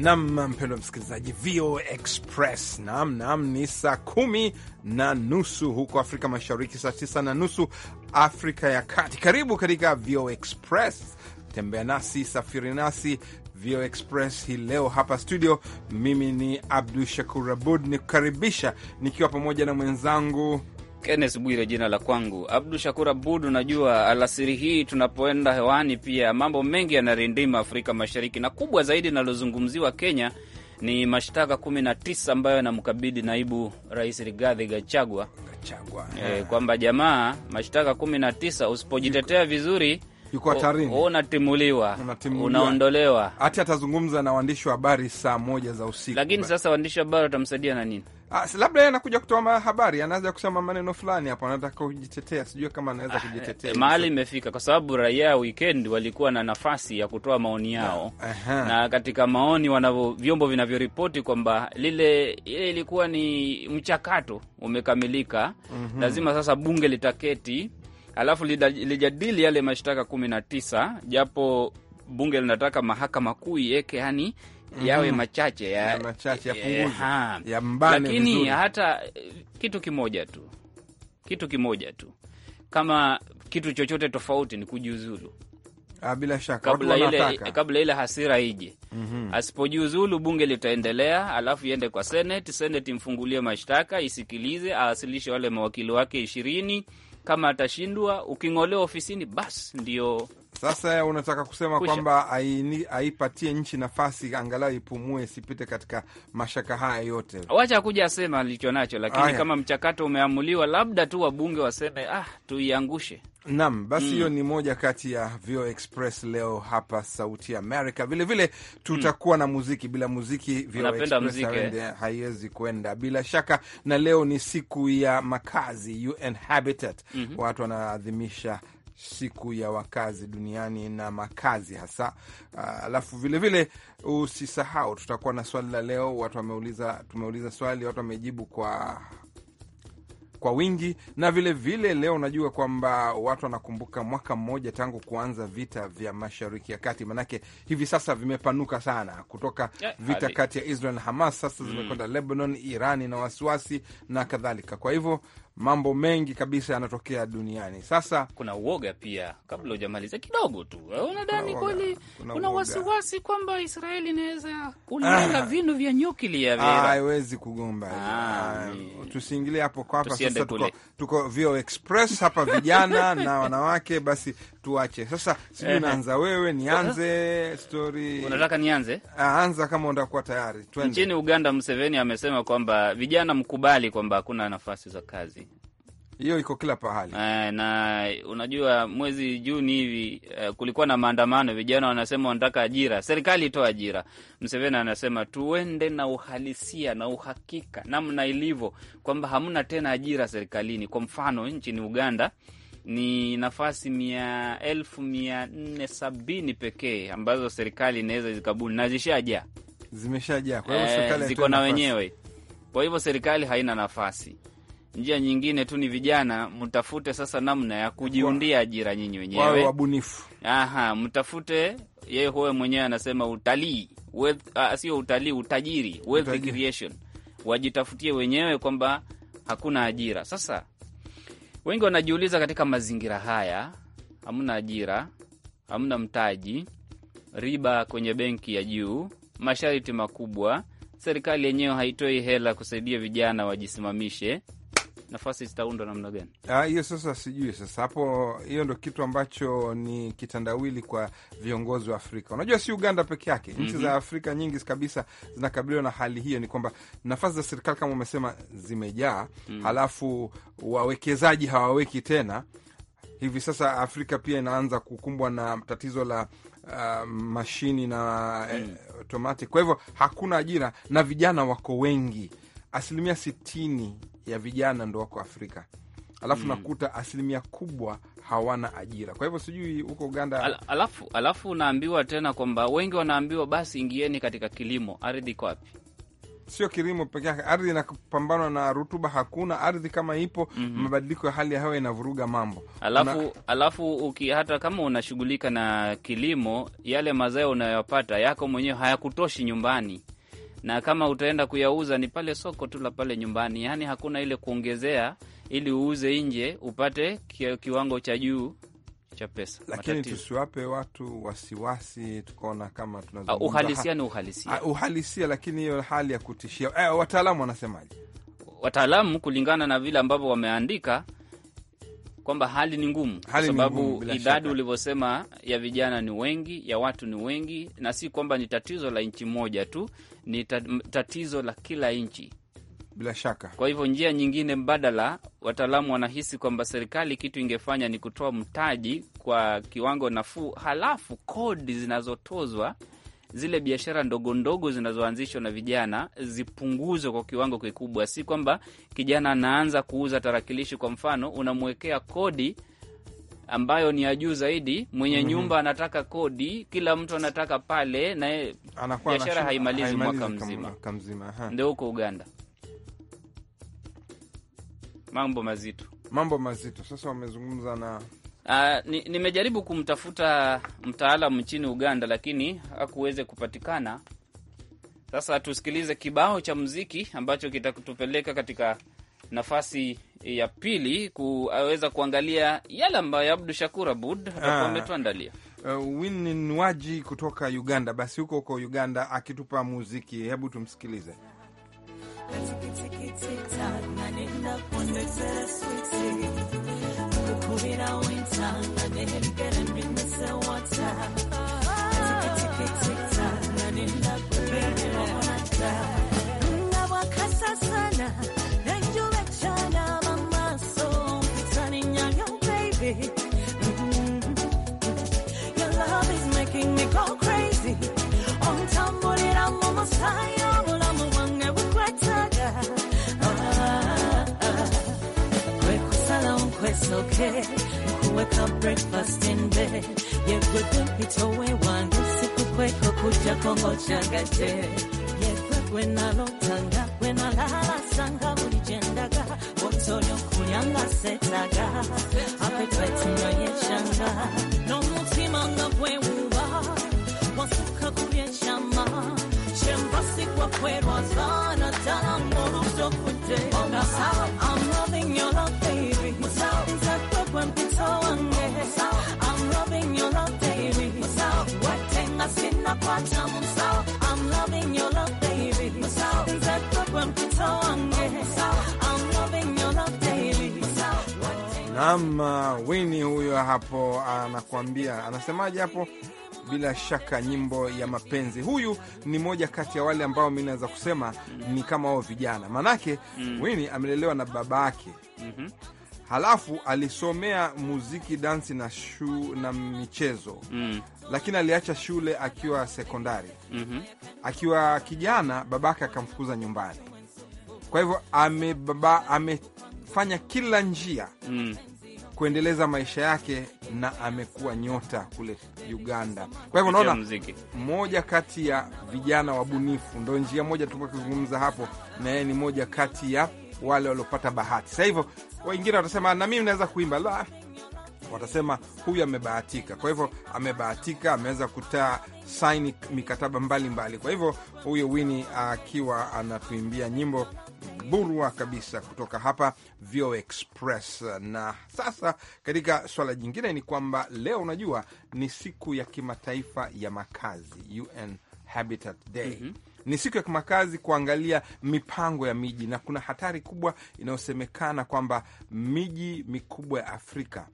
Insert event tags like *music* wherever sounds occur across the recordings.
Nam mpendwa msikilizaji, VO Express nam nam, ni saa kumi na nusu huko Afrika Mashariki, saa tisa na nusu Afrika ya Kati. Karibu katika VO Express, tembea nasi, safiri nasi VO Express hii leo hapa studio. Mimi ni Abdu Shakur Abud ni kukaribisha nikiwa pamoja na mwenzangu kennes Bwire jina la kwangu, Abdu Shakur Abud. Unajua alasiri hii tunapoenda hewani, pia mambo mengi yanarindima Afrika Mashariki, na kubwa zaidi linalozungumziwa Kenya ni mashtaka kumi na tisa ambayo anamkabidi naibu rais Rigathi Gachagua, Gachagua. E, kwamba jamaa, mashtaka kumi na tisa usipojitetea vizuri unatimuliwa unaondolewa. atazungumza na waandishi wa habari saa moja za usiku, lakini Sasa waandishi wa habari watamsaidia na nini? Ah, labda yeye anakuja kutoa habari, anaweza kusema maneno fulani hapo, anataka kujitetea. Sijui kama anaweza ah, kujitetea eh, mahali imefika, kwa sababu raia weekend walikuwa na nafasi ya kutoa maoni yao ah, na katika maoni wanavyo vyombo vinavyoripoti kwamba lile ile ilikuwa ni mchakato umekamilika. mm -hmm. Lazima sasa bunge litaketi, alafu lijadili yale mashtaka kumi na tisa, japo bunge linataka mahakama kuu iweke yani Mm-hmm. yawe machache ya, ya machache ya eh, ya mbane, lakini mzuri. Hata eh, kitu kimoja tu, kitu kimoja tu, kama kitu chochote tofauti ni kujiuzulu. Ah, bila shaka kabla ile, eh, kabla ile hasira ije. mm -hmm. Asipojiuzulu bunge litaendelea, alafu iende kwa seneti, seneti imfungulie mashtaka, isikilize, awasilishe wale mawakili wake ishirini. Kama atashindwa, uking'olewa ofisini, basi ndio sasa unataka kusema kwamba aipatie nchi nafasi angalau ipumue, isipite katika mashaka haya yote. Wacha kuja asema alicho nacho lakini Aya, kama mchakato umeamuliwa, labda tu wabunge waseme ah, tuiangushe. Naam, basi mm. hiyo mm, ni moja kati ya Vio Express leo hapa Sauti america Vilevile mm. tutakuwa mm, na muziki. Bila muziki Vio Express eh. haiwezi kwenda bila shaka, na leo ni siku ya makazi UN Habitat, mm -hmm. watu wanaadhimisha siku ya wakazi duniani na makazi hasa. Ah, alafu uh, vilevile usisahau tutakuwa na swali la leo. Watu wameuliza, tumeuliza swali, watu wamejibu kwa kwa wingi na vilevile vile, leo unajua kwamba watu wanakumbuka mwaka mmoja tangu kuanza vita vya Mashariki ya Kati, manake hivi sasa vimepanuka sana kutoka vita kati ya Israel na Hamas, sasa mm. zimekwenda mm, Lebanon, Irani na wasiwasi na kadhalika. Kwa hivyo mambo mengi kabisa yanatokea duniani. Sasa kuna uoga pia, kabla hujamaliza kidogo tu, eh, unadhani kweli kuna wasiwasi kwamba Israeli inaweza kulenga ah, vinu vya nyuklia vya Iran. ah, kugomba, ah, ah, tusiingilie hapo kwa hapa. Sasa tuko, tuko Vio Express hapa vijana *laughs* na wanawake, basi tuache sasa. Sijui naanza wewe, nianze stori? Unataka nianze? Ah, anza kama utakuwa tayari. Twende nchini Uganda. mseveni amesema kwamba vijana mkubali kwamba hakuna nafasi za kazi hiyo iko kila pahali eh, na unajua mwezi Juni hivi eh, kulikuwa na maandamano, vijana wanasema wanataka ajira, serikali itoa ajira. Mseveni anasema tuende na uhalisia na uhakika namna ilivyo, kwamba hamna tena ajira serikalini. Kwa mfano nchini Uganda ni nafasi mia elfu mia nne sabini pekee ambazo serikali inaweza zikabuni na zishaja zimeshajaa, kwa hiyo eh, serikali ziko na wenyewe, kwa hivyo serikali haina nafasi njia nyingine tu ni vijana mtafute sasa namna ya kujiundia ajira nyinyi wenyewe, wabunifu. Aha, mtafute yeye, huwe mwenyewe anasema utalii, uh, sio utalii, utajiri, wealth creation, wajitafutie wenyewe kwamba hakuna ajira. Sasa wengi wanajiuliza katika mazingira haya, hamna ajira, hamna mtaji, riba kwenye benki ya juu, masharti makubwa, serikali yenyewe haitoi hela kusaidia vijana wajisimamishe nafasi zitaundwa namna gani? Ah, hiyo sasa sijui. Sasa hapo, hiyo ndo kitu ambacho ni kitandawili kwa viongozi wa Afrika. Unajua si Uganda peke yake, nchi mm -hmm. za mhm. Afrika nyingi kabisa zinakabiliwa na hali hiyo, ni kwamba nafasi za serikali kama umesema zimejaa, mm. halafu wawekezaji hawaweki tena. Hivi sasa Afrika pia inaanza kukumbwa na tatizo la Uh, mashini na mm. automatic. Kwa hivyo hakuna ajira na vijana wako wengi, asilimia sitini ya vijana ndo wako Afrika alafu mm. nakuta asilimia kubwa hawana ajira. Kwa hivyo sijui huko Uganda Al, alafu, alafu unaambiwa tena kwamba wengi wanaambiwa basi ingieni katika kilimo. Ardhi iko wapi? Sio kilimo peke yake, ardhi inapambanwa na rutuba, hakuna ardhi kama ipo mm -hmm. Mabadiliko ya hali ya hewa inavuruga mambo. Alafu, una... alafu uki, hata kama unashughulika na kilimo, yale mazao unayopata yako mwenyewe hayakutoshi nyumbani na kama utaenda kuyauza ni pale soko tu la pale nyumbani, yaani hakuna ile kuongezea ili uuze nje upate kiwango cha juu cha pesa. Lakini tusiwape watu wasiwasi, tukaona kama ah, tunazungumza uhalisia ni uhalisia, uhalisia, lakini hiyo hali ya kutishia. Eh, wataalamu wanasemaje? Wataalamu kulingana na vile ambavyo wameandika kwamba hali ni ngumu, kwa sababu idadi ulivyosema ya vijana ni wengi, ya watu ni wengi, na si kwamba ni tatizo la nchi moja tu, ni tatizo la kila nchi bila shaka. Kwa hivyo njia nyingine mbadala, wataalamu wanahisi kwamba serikali kitu ingefanya ni kutoa mtaji kwa kiwango nafuu, halafu kodi zinazotozwa zile biashara ndogo ndogo zinazoanzishwa na vijana zipunguzwe kwa kiwango kikubwa. Si kwamba kijana anaanza kuuza tarakilishi, kwa mfano unamwekea kodi ambayo ni ya juu zaidi. Mwenye mm -hmm. nyumba anataka kodi, kila mtu anataka pale, na biashara haimalizi mwaka mzima, mzima. Ndio huko Uganda mambo mazito, mambo mazito. Sasa wamezungumza na Uh, nimejaribu ni kumtafuta mtaalamu nchini Uganda lakini hakuweze kupatikana. Sasa tusikilize kibao cha muziki ambacho kitatupeleka katika nafasi ya pili kuweza kuangalia yale ambayo Abdu Shakur Abud atakuwa ah. ametuandalia. Uh, Winnie Nwaji kutoka Uganda, basi huko huko Uganda akitupa muziki, hebu tumsikilize. Uvira Winter yatokee, kuweka breakfast in bed, yegwegwe itowe wangu siku kweko kuja Kongo chagaje, yegwegwe nalotanga wenalala sanga ulijendaga wotolyo kulyanga setaga apetwetinyoyeshanga nomutima ngabwewuba wasuka kulyeshama shembasi kwakwerwazana dala Naam, Wini huyo hapo anakuambia, anasemaje hapo? Bila shaka nyimbo ya mapenzi. Huyu ni moja kati ya wale ambao mi naweza kusema ni kama wao vijana, maanake mm. Wini amelelewa na baba yake mm -hmm. Halafu alisomea muziki, dansi na shu, na michezo mm. Lakini aliacha shule akiwa sekondari mm -hmm. Akiwa kijana babake akamfukuza nyumbani, kwa hivyo amefanya kila njia mm kuendeleza maisha yake na amekuwa nyota kule Uganda. Kwa hivyo unaona, mmoja kati ya vijana wabunifu, ndo njia moja tupo kuzungumza hapo, na yeye ni moja kati ya wale waliopata bahati. Sasa hivyo wengine watasema na mimi naweza kuimba la watasema huyu amebahatika. Kwa hivyo amebahatika, ameweza kutaa saini mikataba mbalimbali mbali. Kwa hivyo huyo Wini akiwa anatuimbia nyimbo burwa kabisa kutoka hapa Vio Express. Na sasa katika swala jingine ni kwamba leo, unajua ni siku ya kimataifa ya makazi, UN Habitat Day. mm -hmm. Ni siku ya kimakazi kuangalia mipango ya miji, na kuna hatari kubwa inayosemekana kwamba miji mikubwa ya Afrika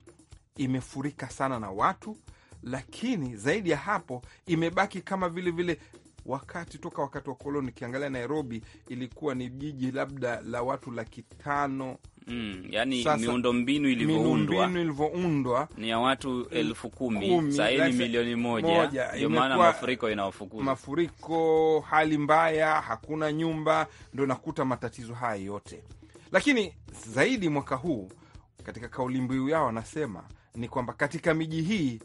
imefurika sana na watu, lakini zaidi ya hapo imebaki kama vilevile vile wakati toka wakati wa koloni. Ukiangalia Nairobi ilikuwa ni jiji labda la watu laki tano Mm, yani mbinu ilivyoundwa ni ya watu elfu kumi sasa hivi milioni moja. Ndio maana mafuriko inawafukuza, mafuriko, hali mbaya, hakuna nyumba, ndo nakuta matatizo haya yote. Lakini zaidi mwaka huu katika kauli mbiu yao wanasema ni kwamba katika miji hii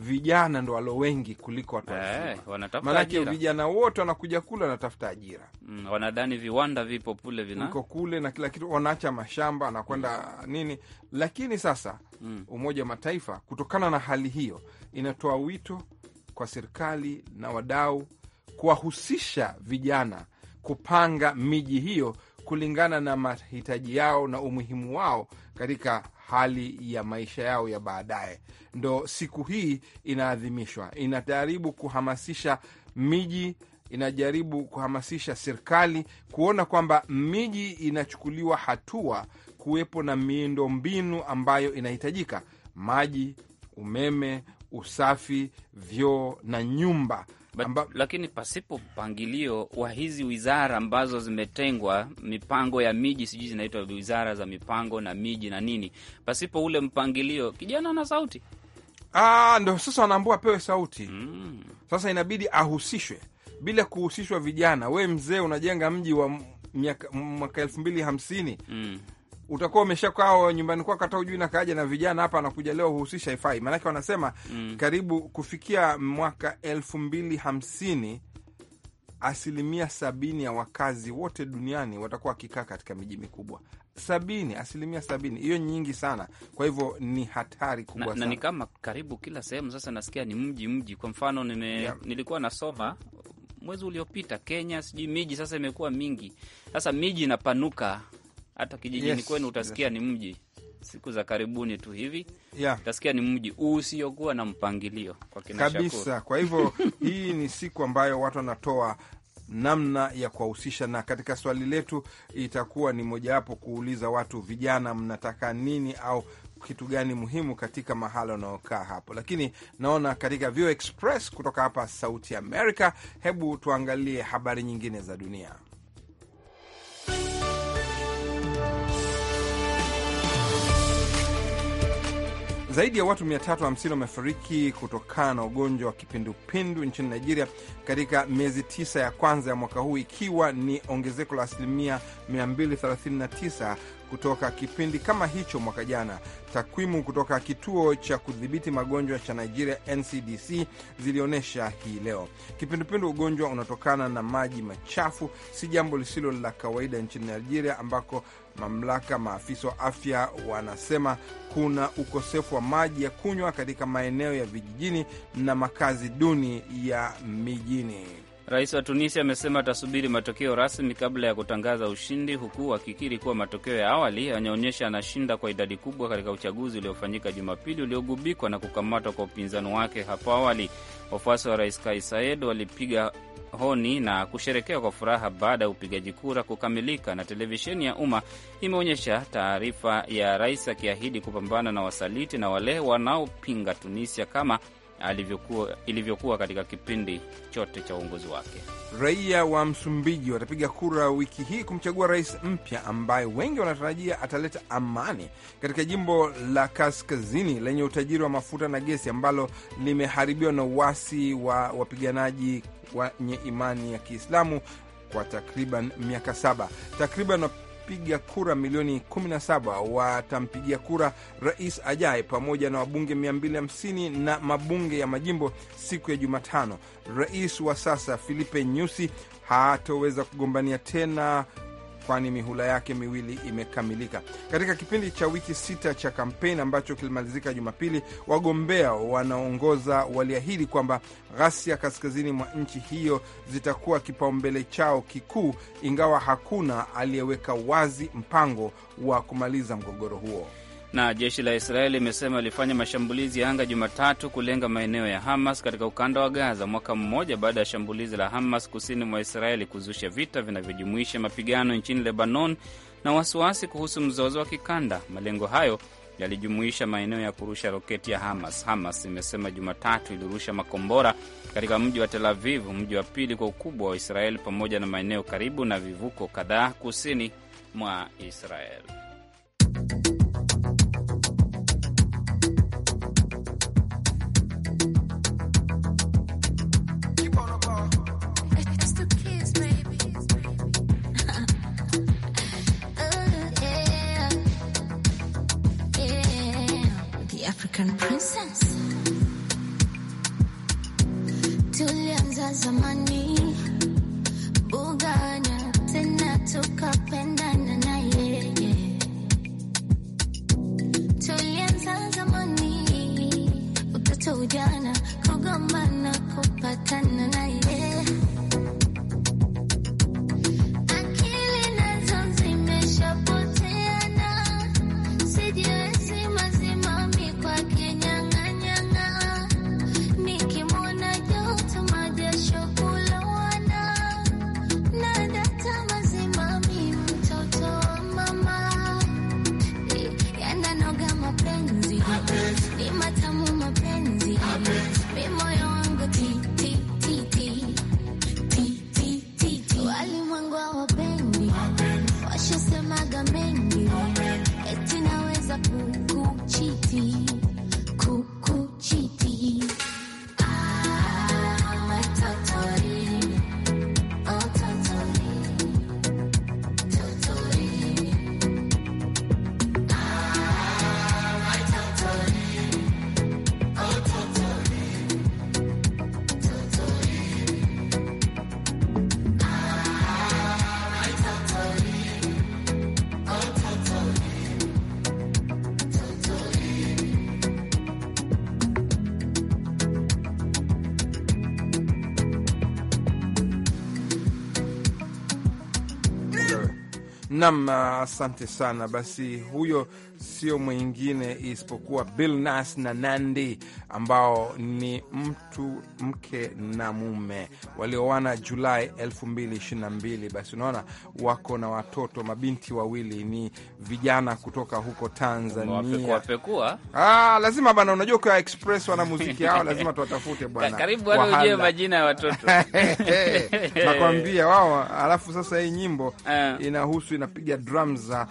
vijana ndo walo wengi kuliko watu eh, wazima, maanake vijana wote wanakuja kule wanatafuta ajira mm, wanadhani viwanda vipo kule vina iko kule na kila kitu, wanaacha mashamba anakwenda mm, nini. Lakini sasa mm, Umoja wa Mataifa kutokana na hali hiyo inatoa wito kwa serikali na wadau kuwahusisha vijana kupanga miji hiyo kulingana na mahitaji yao na umuhimu wao katika hali ya maisha yao ya baadaye. Ndo siku hii inaadhimishwa, inajaribu kuhamasisha miji, inajaribu kuhamasisha serikali kuona kwamba miji inachukuliwa hatua, kuwepo na miundo mbinu ambayo inahitajika: maji, umeme, usafi, vyoo na nyumba Amba... lakini pasipo mpangilio wa hizi wizara ambazo zimetengwa, mipango ya miji, sijui zinaitwa wizara za mipango na miji na nini, pasipo ule mpangilio, kijana ana sauti ah, ndo sasa wanaambua apewe sauti mm. Sasa inabidi ahusishwe. Bila kuhusishwa vijana, we mzee unajenga mji wa mwaka elfu mbili hamsini mm utakuwa umeshakaa nyumbani kwako, hata ujui nakaaja na vijana hapa anakuja leo huhusisha ifai, maanake wanasema mm. karibu kufikia mwaka elfu mbili hamsini asilimia sabini ya wakazi wote duniani watakuwa wakikaa katika miji mikubwa sabini, asilimia sabini. Hiyo nyingi sana, kwa hivyo ni hatari kubwa na, sana. Na ni kama karibu kila sehemu sasa nasikia ni mji mji. Kwa mfano nime, yeah. nilikuwa nasoma mwezi uliopita Kenya, sijui miji sasa imekuwa mingi, sasa miji inapanuka hata kijijini yes, kwenu utasikia yes. ni mji siku za karibuni tu hivi yeah, utasikia ni mji usiokuwa na mpangilio kwa kabisa Kwa hivyo *laughs* hii ni siku ambayo watu wanatoa namna ya kuwahusisha, na katika swali letu itakuwa ni mojawapo kuuliza watu vijana, mnataka nini au kitu gani muhimu katika mahala unaokaa hapo. Lakini naona katika Vio Express kutoka hapa Sauti Amerika, hebu tuangalie habari nyingine za dunia. Zaidi ya watu 350 wamefariki kutokana na ugonjwa wa kipindupindu nchini Nigeria katika miezi tisa ya kwanza ya mwaka huu, ikiwa ni ongezeko la asilimia 239 kutoka kipindi kama hicho mwaka jana. Takwimu kutoka kituo cha kudhibiti magonjwa cha Nigeria, NCDC, zilionyesha hii leo. Kipindupindu, ugonjwa unatokana na maji machafu, si jambo lisilo la kawaida nchini Nigeria ambako Mamlaka, maafisa wa afya wanasema kuna ukosefu wa maji ya kunywa katika maeneo ya vijijini na makazi duni ya mijini. Rais wa Tunisia amesema atasubiri matokeo rasmi kabla ya kutangaza ushindi, huku akikiri kuwa matokeo ya awali yanaonyesha anashinda kwa idadi kubwa katika uchaguzi uliofanyika Jumapili uliogubikwa na kukamatwa kwa upinzani wake hapo awali. Wafuasi wa rais Kais Saied walipiga honi na kusherekea kwa furaha baada ya upigaji kura kukamilika, na televisheni ya umma imeonyesha taarifa ya rais akiahidi kupambana na wasaliti na wale wanaopinga Tunisia kama alivyokuwa, ilivyokuwa katika kipindi chote cha uongozi wake. Raia wa Msumbiji watapiga kura wiki hii kumchagua rais mpya ambaye wengi wanatarajia ataleta amani katika jimbo la kaskazini lenye utajiri wa mafuta na gesi ambalo limeharibiwa na uasi wa wapiganaji wenye imani ya Kiislamu kwa takriban miaka saba. Takriban wapiga kura milioni 17 watampigia kura rais ajaye pamoja na wabunge 250 na mabunge ya majimbo siku ya Jumatano. Rais wa sasa Filipe Nyusi hatoweza kugombania tena kwani mihula yake miwili imekamilika. Katika kipindi cha wiki sita cha kampeni ambacho kilimalizika Jumapili, wagombea wanaongoza waliahidi kwamba ghasia kaskazini mwa nchi hiyo zitakuwa kipaumbele chao kikuu, ingawa hakuna aliyeweka wazi mpango wa kumaliza mgogoro huo. Na jeshi la Israeli limesema lilifanya mashambulizi ya anga Jumatatu kulenga maeneo ya Hamas katika ukanda wa Gaza, mwaka mmoja baada ya shambulizi la Hamas kusini mwa Israeli kuzusha vita vinavyojumuisha mapigano nchini Lebanon na wasiwasi kuhusu mzozo wa kikanda. Malengo hayo yalijumuisha maeneo ya kurusha roketi ya Hamas. Hamas imesema Jumatatu ilirusha makombora katika mji wa Tel Aviv, mji wa pili kwa ukubwa wa Israeli, pamoja na maeneo karibu na vivuko kadhaa kusini mwa Israeli. African princess. Tulianza zamani bugana tena tukapendana na yeye. Tulianza zamani utoto ujana kugombana kupatana na Nam, asante sana. Basi huyo sio mwingine isipokuwa Billnas na Nandi ambao ni mtu mke na mume walioana Julai 2022. Basi unaona wako na watoto mabinti wawili, ni vijana kutoka huko Tanzania. Ah, lazima bana, unajua kwa Express wana muziki hao lazima tuwatafute bwana, karibu wale ujue majina ya watoto *laughs* nakwambia wao. Alafu sasa hii nyimbo uh, inahusu inapiga drums za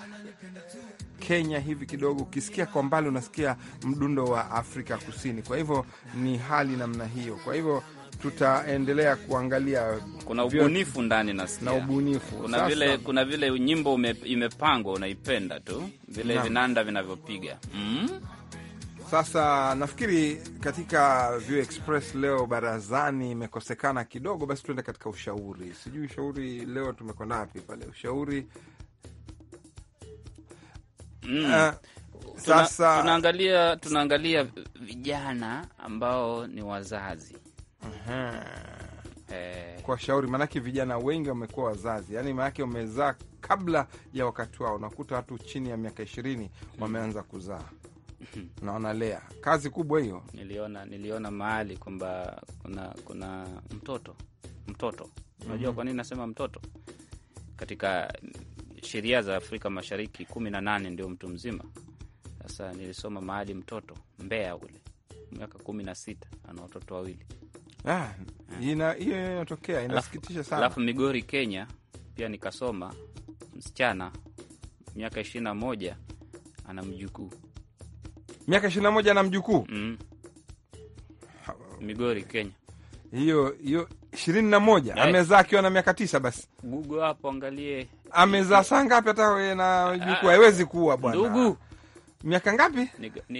Kenya hivi kidogo, ukisikia kwa mbali unasikia mdundo wa Afrika Kusini. Kwa hivyo ni hali namna hiyo, kwa hivyo tutaendelea kuangalia. Kuna ubunifu ndani, nasikia na ubunifu. Kuna vile, kuna vile nyimbo imepangwa unaipenda tu vile na vinanda vinavyopiga mm? Sasa nafikiri katika View Express leo barazani imekosekana kidogo, basi tuende katika ushauri. Sijui ushauri leo tumekwenda wapi pale, ushauri mm. Uh, tuna, tunaangalia tunaangalia vijana ambao ni wazazi uh-huh. eh, kwa shauri, maanake vijana wengi wamekuwa wazazi, yaani maanake wamezaa kabla ya wakati wao. Unakuta watu chini ya miaka ishirini mm. wameanza kuzaa mm-hmm. na wanalea. Kazi kubwa hiyo. Niliona niliona mahali kwamba kuna kuna mtoto mtoto, unajua mm -hmm. Kwa nini nasema mtoto katika sheria za Afrika Mashariki kumi na nane ndio mtu mzima. Sasa nilisoma mahali mtoto Mbeya ule miaka kumi na sita ana watoto wawili. Ah, eh. ina inasikitisha sana. Alafu Migori Kenya pia nikasoma msichana miaka ishirini na moja ana mjukuu, miaka ishirini na moja ana mjukuu mm. Migori Kenya hiyo hiyo ishirini na moja eh. amezaa akiwa na miaka tisa. Basi Google hapo angalie amezaa saa ngapi? Hata wewe na haiwezi kuwa bwana ndugu miaka ngapi?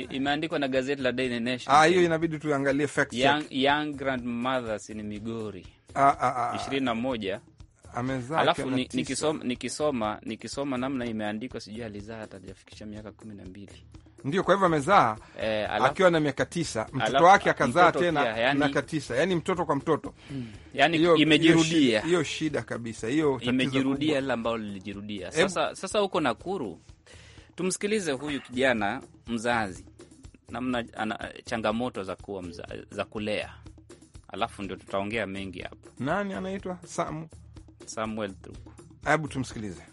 Imeandikwa na gazeti la Daily Nation. Ah, hiyo inabidi tuangalie fact check. Young, grandmothers ni Migori ah, ah, ah, ishirini na moja amezaa. Alafu ni, nikisoma, nikisoma nikisoma namna imeandikwa, sijui alizaa hata hajafikisha miaka kumi na mbili. Ndio, kwa hivyo amezaa eh, akiwa na miaka tisa, mtoto wake akazaa tena yani, miaka tisa, yani mtoto kwa mtoto hmm. yani, hiyo imejirudia hiyo shida kabisa, hiyo imejirudia lile ambalo lilijirudia. Sasa, sasa huko Nakuru tumsikilize huyu kijana mzazi namna ana changamoto za kuwa mza, za kulea, alafu ndio tutaongea mengi hapo. Nani anaitwa Samu Samuel Thuku, hebu tumsikilize.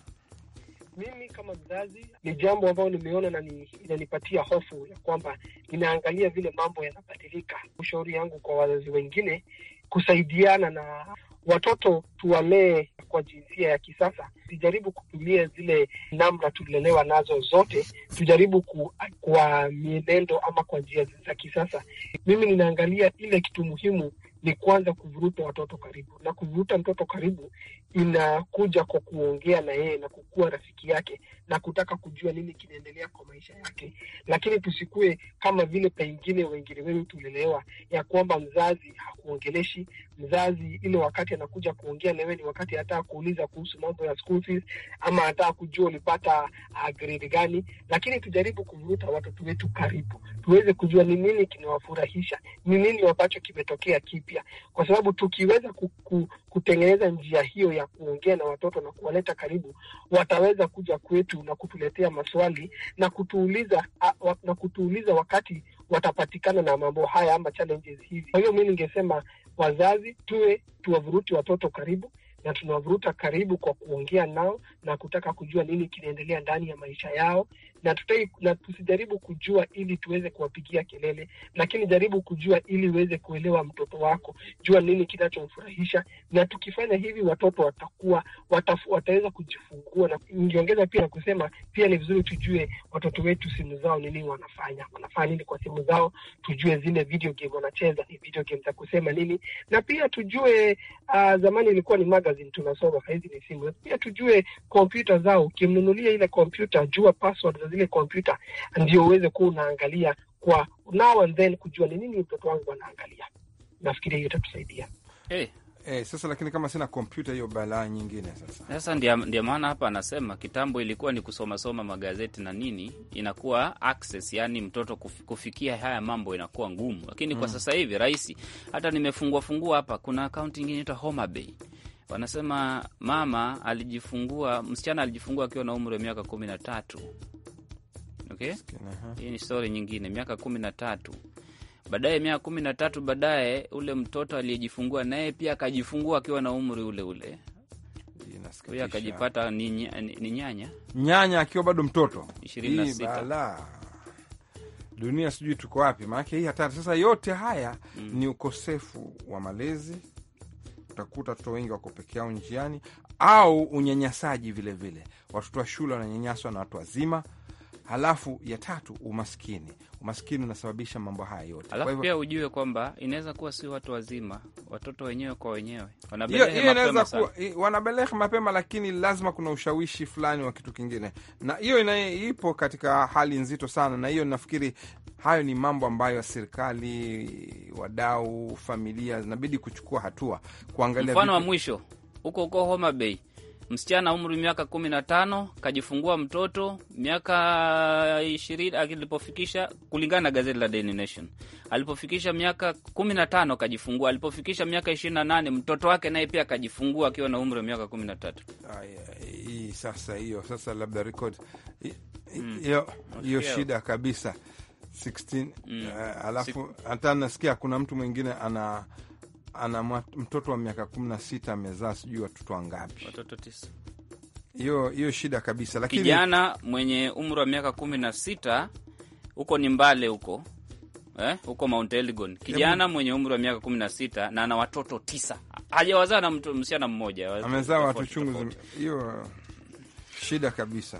Mimi kama mzazi ni jambo ambayo nimeona na inanipatia hofu ya kwamba ninaangalia vile mambo yanabadilika. Ushauri yangu kwa wazazi wengine kusaidiana na watoto tuwalee kwa jinsia ya kisasa. Tujaribu kutumia zile namna tulilelewa nazo zote, tujaribu ku, kwa mienendo ama kwa njia za kisasa. Mimi ninaangalia ile kitu muhimu ni kwanza kuvuruta watoto karibu, na kuvuruta mtoto karibu inakuja kwa kuongea na yeye na kukuwa rafiki yake na kutaka kujua nini kinaendelea kwa maisha yake, lakini tusikue kama vile pengine wengine wenu tulielewa ya kwamba mzazi hakuongeleshi mzazi, ile wakati anakuja kuongea na wewe ni wakati hata kuuliza kuhusu mambo ya school fees ama hata kujua ulipata uh, grade gani. Lakini tujaribu kuvuruta watoto wetu karibu, tuweze kujua ni nini kinawafurahisha, ni nini ambacho kimetokea kipya afya, kwa sababu tukiweza kuku, kutengeneza njia hiyo ya kuongea na watoto na kuwaleta karibu, wataweza kuja kwetu na kutuletea maswali na kutuuliza na kutuuliza wakati watapatikana na mambo haya ama challenges hizi. Kwa hiyo mi ningesema wazazi tuwe tuwavuruti watoto karibu na tunawavuruta karibu kwa kuongea nao na kutaka kujua nini kinaendelea ndani ya maisha yao na tutai, na tusijaribu kujua ili tuweze kuwapigia kelele, lakini jaribu kujua ili uweze kuelewa mtoto wako, jua nini kinachomfurahisha. Na tukifanya hivi watoto watakuwa watafu, wataweza kujifungua. Na ningeongeza pia na kusema pia ni vizuri tujue watoto wetu simu zao nini wanafanya, wanafanya nini kwa simu zao, tujue zile video game wanacheza ni video game za kusema nini, na pia tujue uh, zamani ilikuwa ni magazine tunasoma, sahizi ni simu. Pia tujue kompyuta zao, ukimnunulia ile kompyuta jua password za zile kompyuta ndio uweze kuwa unaangalia kwa now and then kujua ni nini mtoto wangu anaangalia. Nafikiri hiyo itatusaidia. Hey. Eh, sasa lakini kama sina kompyuta hiyo balaa nyingine sasa. Sasa ndio ndio maana hapa anasema kitambo ilikuwa ni kusoma soma magazeti na nini, inakuwa access, yani mtoto kufikia haya mambo inakuwa ngumu, lakini mm, kwa sasa hivi rahisi. Hata nimefungua fungua hapa, kuna akaunti nyingine inaitwa Homa Bay, wanasema mama alijifungua, msichana alijifungua akiwa na umri wa miaka kumi okay? Hii ni stori nyingine, miaka kumi na tatu baadaye miaka kumi na tatu baadaye ule mtoto aliyejifungua naye pia akajifungua akiwa na umri ule ule huyo akajipata ni, ni nyanya nyanya akiwa bado mtoto ishirini na sita. Dunia sijui tuko wapi, maanake hii hatari sasa. Yote haya mm, ni ukosefu wa malezi. Utakuta watoto wengi wako peke yao njiani, au unyanyasaji vilevile. Watoto wa shule wananyanyaswa na watu wazima, Halafu ya tatu umaskini. Umaskini unasababisha mambo haya yote. Alafu pia ujue kwamba inaweza kuwa si watu wazima, watoto wenyewe kwa wenyewe wanabelehe mapema, wanabelehe mapema, lakini lazima kuna ushawishi fulani wa kitu kingine, na hiyo ipo katika hali nzito sana, na hiyo nafikiri hayo ni mambo ambayo serikali, wadau, familia zinabidi kuchukua hatua kuangalia. Mfano wa mwisho huko huko Homa Bay msichana umri miaka kumi na tano kajifungua mtoto miaka ishirini alipofikisha, kulingana na gazeti la Daily Nation, alipofikisha miaka kumi na tano kajifungua, alipofikisha miaka ishirini na nane mtoto wake naye pia akajifungua akiwa na umri wa miaka kumi na tatu. Hii sasa hiyo sasa labda record mm. hiyo mm, shida kabisa 16 mm, uh, alafu hata nasikia kuna mtu mwingine ana ana mtoto wa miaka kumi na sita amezaa sijui watoto wangapi, watoto tisa. Hiyo hiyo shida kabisa, lakini kijana mwenye umri wa miaka kumi na sita huko ni mbale huko eh, huko Mount Elgon, kijana mwenye umri wa miaka kumi na sita na ana watoto tisa, hajawazaa na msichana mmoja, amezaa watu chungu hiyo Shida kabisa,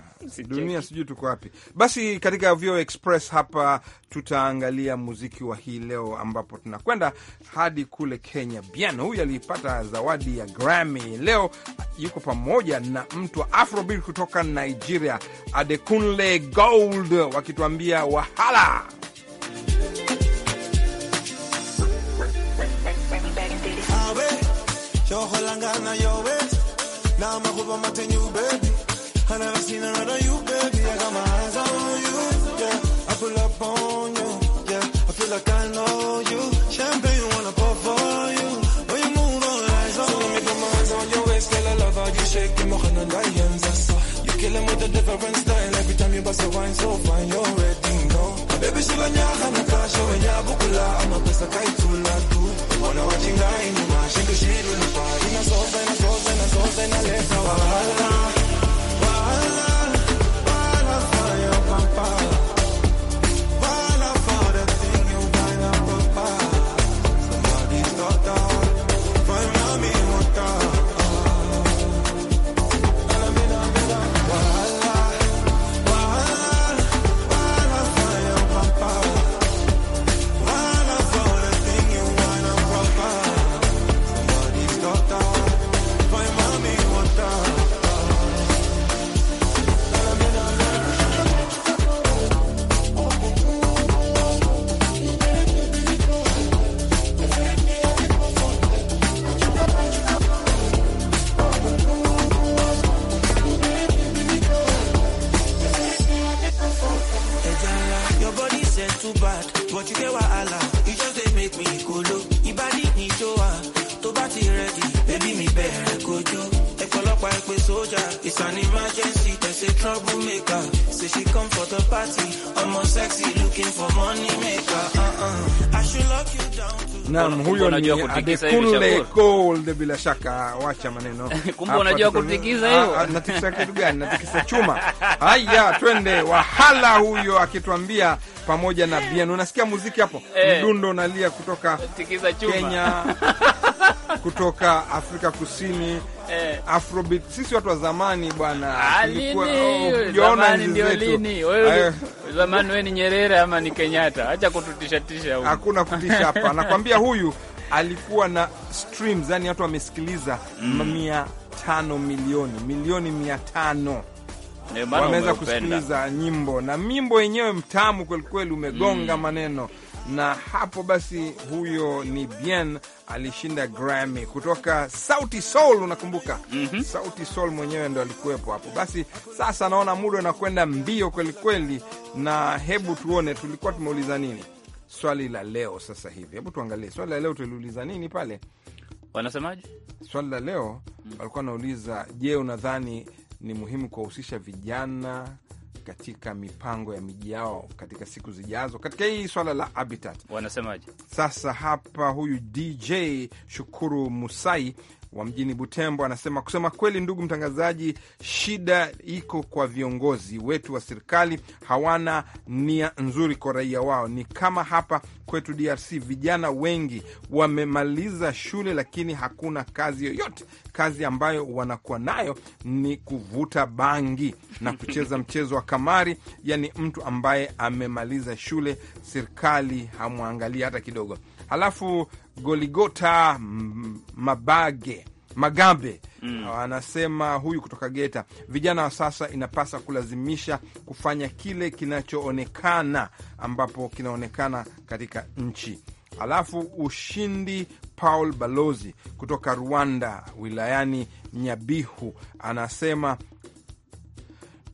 dunia sijui tuko wapi. Basi katika Vio Express hapa tutaangalia muziki wa hii leo, ambapo tunakwenda hadi kule Kenya. Bian huyu aliipata zawadi ya Grammy leo, yuko pamoja na mtu wa Afrobeat kutoka Nigeria, Adekunle Gold, wakituambia wahala Awe, I never seen another you, baby. I got my eyes on you, yeah. I pull up on you, yeah. I feel like I know you. Champagne wanna pour for you. When you move on, eyes on So let me. Put my hands on your waist, girl. I love how you shake your mocha and I am You kill him with a different style. Every time you bust a wine, so fine, you're ready, no. Baby, shila nyaha na kasha, wenyabukula, ama pesa kaitula tu. Ona wachinga, inuma, shake the shit with the fire. Ina sosa, ina sosa, ina sosa, ina lesa, wahala. troublemaker. Say she come for the party. I'm more sexy looking for money maker. Uh -uh. I should lock you down. Naam, huyo ni Adekunle Gold bila shaka, wacha maneno. *laughs* Kumbe unajua kutikiza hiyo. Ah, ah, natikisa kitu gani? Natikisa chuma. Haya, twende wahala huyo akituambia pamoja na Bien. Unasikia muziki hapo? Eh. Mdundo unalia kutoka Kenya *laughs* kutoka Afrika Kusini eh. Afrobeat sisi watu wa zamani bwana, ah, oh, ndio lini wewe zamani, wewe ni Nyerere ama ni Kenyatta? Acha kututisha tisha huyu, hakuna kutisha *laughs* hapa nakwambia, huyu alikuwa na streams, yani watu wamesikiliza mm. mia tano milioni milioni mia tano wameweza kusikiliza nyimbo na mimbo yenyewe mtamu kwelikweli, umegonga mm. maneno na hapo basi, huyo ni Bien alishinda Grammy kutoka Sauti Soul, unakumbuka? mm -hmm. Sauti Soul mwenyewe ndo alikuwepo hapo. Basi sasa naona muda unakwenda mbio kwelikweli, na hebu tuone tulikuwa tumeuliza nini swali la leo. Sasa hivi hebu tuangalie swali la leo, tuliuliza nini pale? Wanasemaje swali la leo? mm -hmm. walikuwa wanauliza, je, unadhani ni muhimu kuwahusisha vijana katika mipango ya miji yao katika siku zijazo, katika hii swala la habitat. Wanasemaje sasa hapa? Huyu DJ Shukuru Musai wa mjini Butembo anasema, kusema kweli, ndugu mtangazaji, shida iko kwa viongozi wetu wa serikali, hawana nia nzuri kwa raia wao. Ni kama hapa kwetu DRC, vijana wengi wamemaliza shule, lakini hakuna kazi yoyote. Kazi ambayo wanakuwa nayo ni kuvuta bangi na kucheza mchezo wa kamari. Yani mtu ambaye amemaliza shule, serikali hamwangalii hata kidogo. Halafu Goligota Mabage Magambe mm. Uh, anasema huyu kutoka Geta, vijana wa sasa inapasa kulazimisha kufanya kile kinachoonekana ambapo kinaonekana katika nchi. Alafu ushindi Paul Balozi kutoka Rwanda wilayani Nyabihu anasema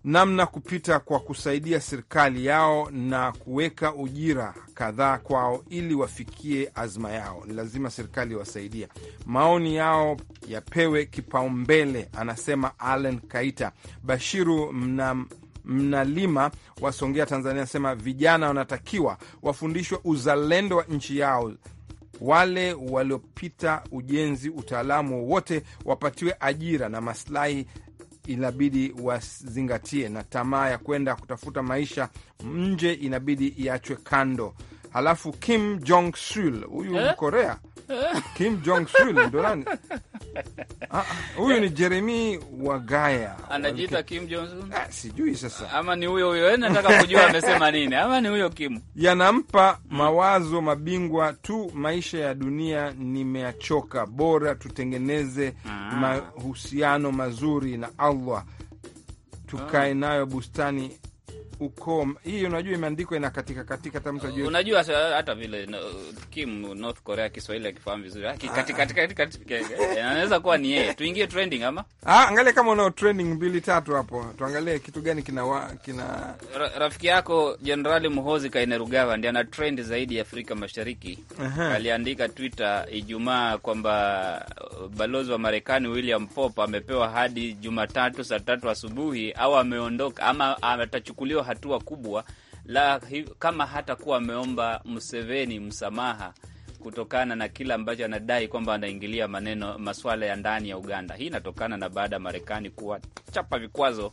namna kupita kwa kusaidia serikali yao na kuweka ujira kadhaa kwao ili wafikie azma yao. Ni lazima serikali iwasaidia, maoni yao yapewe kipaumbele, anasema Allen Kaita. Bashiru mna Mnalima wa Songea, Tanzania, anasema vijana wanatakiwa wafundishwe uzalendo wa nchi yao wale waliopita ujenzi, utaalamu wowote wapatiwe ajira na maslahi inabidi wazingatie, na tamaa ya kwenda kutafuta maisha nje inabidi iachwe kando. Halafu Kim Jong Sul, huyu Mkorea, eh? eh? Kim Jong Sul ndo nani? *laughs* Ah, ah, huyu ni Jeremi Wagaya, anajiita Kim Johnson. Ah, sijui sasa, ama ni huyo huyo, nataka kujua amesema nini, ama ni huyo Kim. Yanampa hmm. mawazo mabingwa tu, maisha ya dunia nimeachoka, bora tutengeneze ah. mahusiano mazuri na Allah, tukae nayo bustani hii unajua imeandikwa ina katika, hata mtu ajue. Unajua hata vile no, Kim North Korea Kiswahili akifahamu vizuri katika ah, katika ah. katika eh, anaweza kuwa ni yeye. Tuingie trending ama ah, angalia kama unao trending mbili tatu hapo, tuangalie kitu gani kina wa, kina Ra, rafiki yako Jenerali Muhozi Kainerugaba ndiye ana trend zaidi Afrika Mashariki. Aha. Aliandika Twitter Ijumaa kwamba balozi wa Marekani William Pope amepewa hadi Jumatatu saa tatu asubuhi, au ameondoka ama atachukuliwa hatua kubwa la kama hata kuwa ameomba Museveni msamaha kutokana na kile ambacho anadai kwamba anaingilia maneno masuala ya ndani ya Uganda. Hii inatokana na baada ya Marekani kuwachapa vikwazo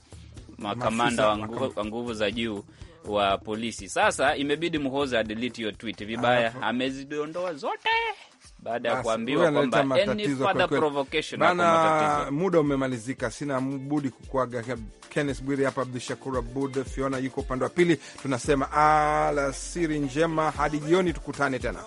makamanda wa nguvu za juu wa polisi. Sasa imebidi Muhoza adelete hiyo tweet vibaya, amezidondoa zote baada ya kuambiwa kwamba bana, muda umemalizika, sina budi kukuaga. Kenneth Bwiri hapa, Abdu Shakur Abud, Fiona yuko upande wa pili. Tunasema alasiri njema, hadi jioni tukutane tena.